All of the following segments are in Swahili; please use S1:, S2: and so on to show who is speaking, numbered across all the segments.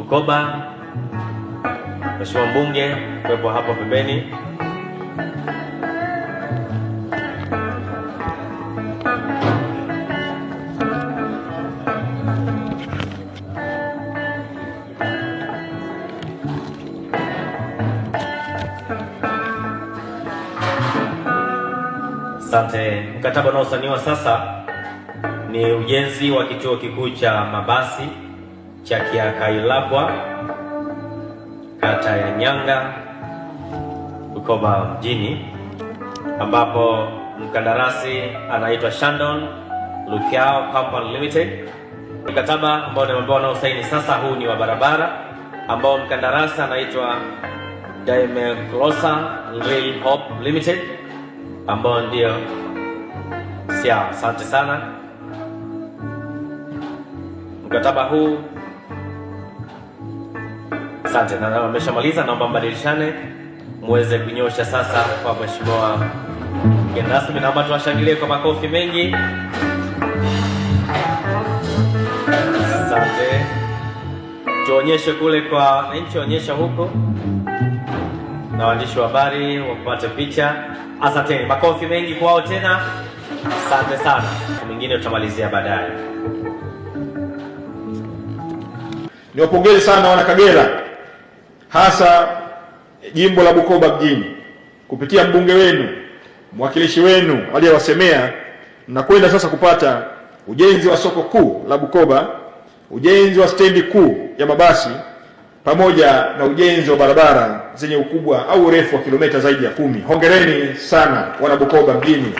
S1: Bukoba, Mheshimiwa mbunge kuwepo hapo pembeni. Asante. Mkataba unaosainiwa sasa ni ujenzi wa kituo kikuu cha mabasi cha Kiakailabwa kata ya Nyanga Bukoba mjini, ambapo mkandarasi anaitwa Shandon Lukiao Company Limited. Mkataba ambao nimeambiwa usaini sasa huu ni wa barabara ambao mkandarasi anaitwa Daimeclosa Rail Hope Limited ambao ndio sia Asante sana mkataba huu Asante, na ameshamaliza, naomba mbadilishane muweze kunyosha sasa kwa mheshimiwa mgeni rasmi. Naomba tuwashangilie kwa makofi mengi. Asante, tuonyeshe kule kwa nchi, onyesha huko na waandishi wa habari wapate picha. Asanteni, makofi mengi kwao tena. Asante sana, mwingine utamalizia baadaye.
S2: Niwapongeze sana wana Kagera hasa jimbo la Bukoba mjini kupitia mbunge wenu mwakilishi wenu aliyewasemea, nakwenda sasa kupata ujenzi wa soko kuu la Bukoba, ujenzi wa stendi kuu ya mabasi pamoja na ujenzi wa barabara zenye ukubwa au urefu wa kilomita zaidi ya kumi. Hongereni sana wana Bukoba mjini,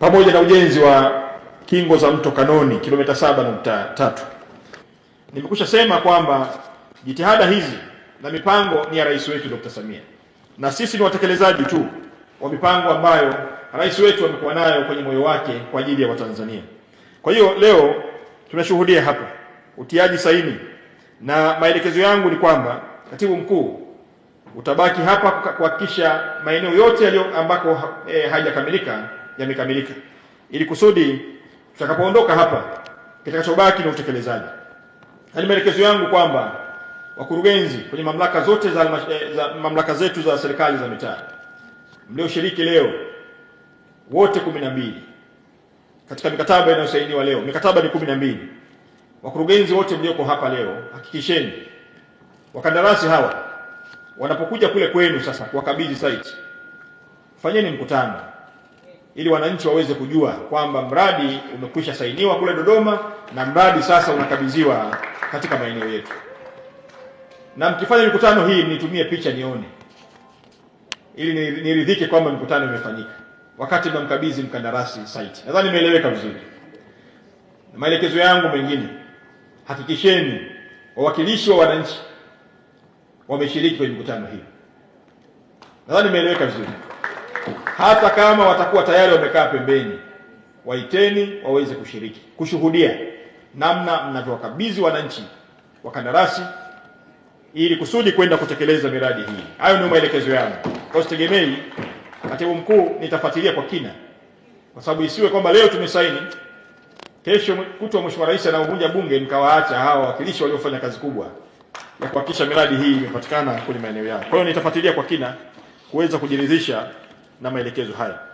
S2: pamoja na ujenzi wa kingo za mto Kanoni kilomita 73 Nimekusha sema kwamba Jitihada hizi na mipango ni ya rais wetu Dr. Samia na sisi ni watekelezaji tu wa mipango ambayo rais wetu amekuwa nayo kwenye moyo wake kwa ajili ya Watanzania. Kwa hiyo leo tunashuhudia hapa utiaji saini, na maelekezo yangu ni kwamba katibu mkuu utabaki hapa kuhakikisha maeneo yote yaliyo ambako e, hajakamilika yamekamilika, ili kusudi tutakapoondoka hapa kitakachobaki ni utekelezaji. Ni yaani maelekezo yangu kwamba wakurugenzi kwenye mamlaka zote za, eh, za mamlaka zetu za serikali za mitaa mlioshiriki leo wote kumi na mbili katika mikataba inayosainiwa leo, mikataba ni kumi na mbili. Wakurugenzi wote mlioko hapa leo, hakikisheni wakandarasi hawa wanapokuja kule kwenu sasa kuwakabidhi site, fanyeni mkutano ili wananchi waweze kujua kwamba mradi umekwisha sainiwa kule Dodoma na mradi sasa unakabidhiwa katika maeneo yetu na mkifanya mikutano hii nitumie picha nione, ili niridhike kwamba mikutano imefanyika wakati mnamkabidhi mkandarasi site. Nadhani imeeleweka vizuri. Na maelekezo yangu mengine, hakikisheni wawakilishi wa wananchi wameshiriki kwenye mikutano hii. Nadhani imeeleweka vizuri. Hata kama watakuwa tayari wamekaa pembeni, waiteni waweze kushiriki, kushuhudia namna mnavyowakabidhi wananchi wakandarasi ili kusudi kwenda kutekeleza miradi hii. Hayo ndio maelekezo yangu. Kwa sitegemei, katibu mkuu, nitafuatilia kwa kina, kwa sababu isiwe kwamba leo tumesaini, kesho kutwa mheshimiwa rais anaovunja bunge nikawaacha hawa wawakilishi waliofanya kazi kubwa ya kuhakikisha miradi hii imepatikana kwenye maeneo yao. Kwa hiyo nitafuatilia kwa kina kuweza kujiridhisha na maelekezo haya.